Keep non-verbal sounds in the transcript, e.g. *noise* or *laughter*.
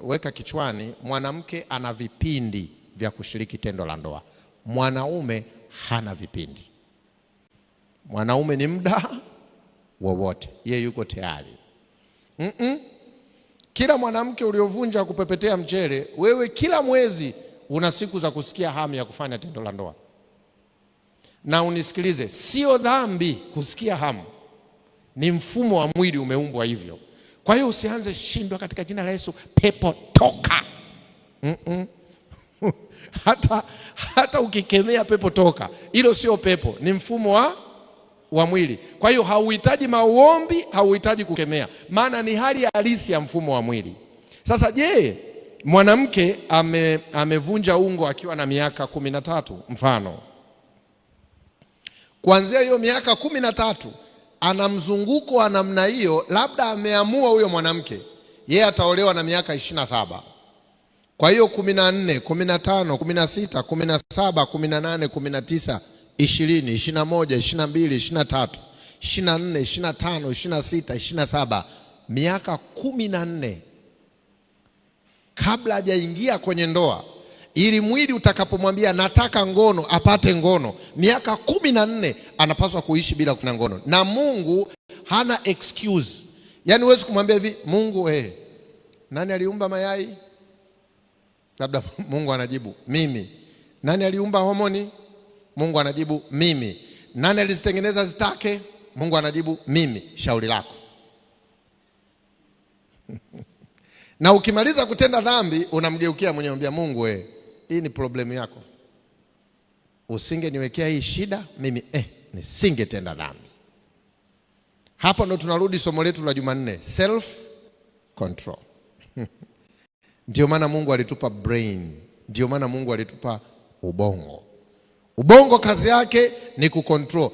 weka kichwani, mwanamke ana vipindi vya kushiriki tendo la ndoa, mwanaume hana vipindi. Mwanaume ni muda *laughs* wowote, ye yuko tayari mm -mm. Kila mwanamke uliovunja kupepetea mchele, wewe kila mwezi una siku za kusikia hamu ya kufanya tendo la ndoa. Na unisikilize, sio dhambi kusikia hamu, ni mfumo wa mwili umeumbwa hivyo. Kwa hiyo usianze shindwa katika jina la Yesu, pepo toka. mm -mm. *laughs* hata, hata ukikemea pepo toka, hilo sio pepo, ni mfumo wa, wa mwili. Kwa hiyo hauhitaji maombi, hauhitaji kukemea, maana ni hali halisi ya mfumo wa mwili. Sasa je, mwanamke ame, amevunja ungo akiwa na miaka kumi na tatu mfano, kuanzia hiyo miaka kumi na tatu ana mzunguko wa namna hiyo, labda ameamua huyo mwanamke yeye ataolewa na miaka ishirini na saba. Kwa hiyo kumi na nne, kumi na tano, kumi na sita, kumi na saba, kumi na nane, kumi na tisa, ishirini, ishirini na moja, ishirini na mbili, ishirini na tatu, ishirini na nne, ishirini na tano, ishirini na sita, ishirini na saba, miaka kumi na nne kabla hajaingia kwenye ndoa ili mwili utakapomwambia nataka ngono apate ngono. Miaka kumi na nne anapaswa kuishi bila kuna ngono, na Mungu hana excuse. Yaani huwezi kumwambia hivi Mungu eh, nani aliumba mayai? Labda *laughs* Mungu anajibu mimi. Nani aliumba homoni? Mungu anajibu mimi. Nani alizitengeneza zitake? Mungu anajibu mimi. Shauri lako. *laughs* na ukimaliza kutenda dhambi unamgeukia mwenye ambia Mungu wewe eh, hii ni problemu yako, usingeniwekea hii shida mimi eh, nisingetenda dhambi. Hapa ndo tunarudi somo letu la Jumanne, self control *laughs* Ndio maana Mungu alitupa brain, ndio maana Mungu alitupa ubongo. Ubongo kazi yake ni kucontrol.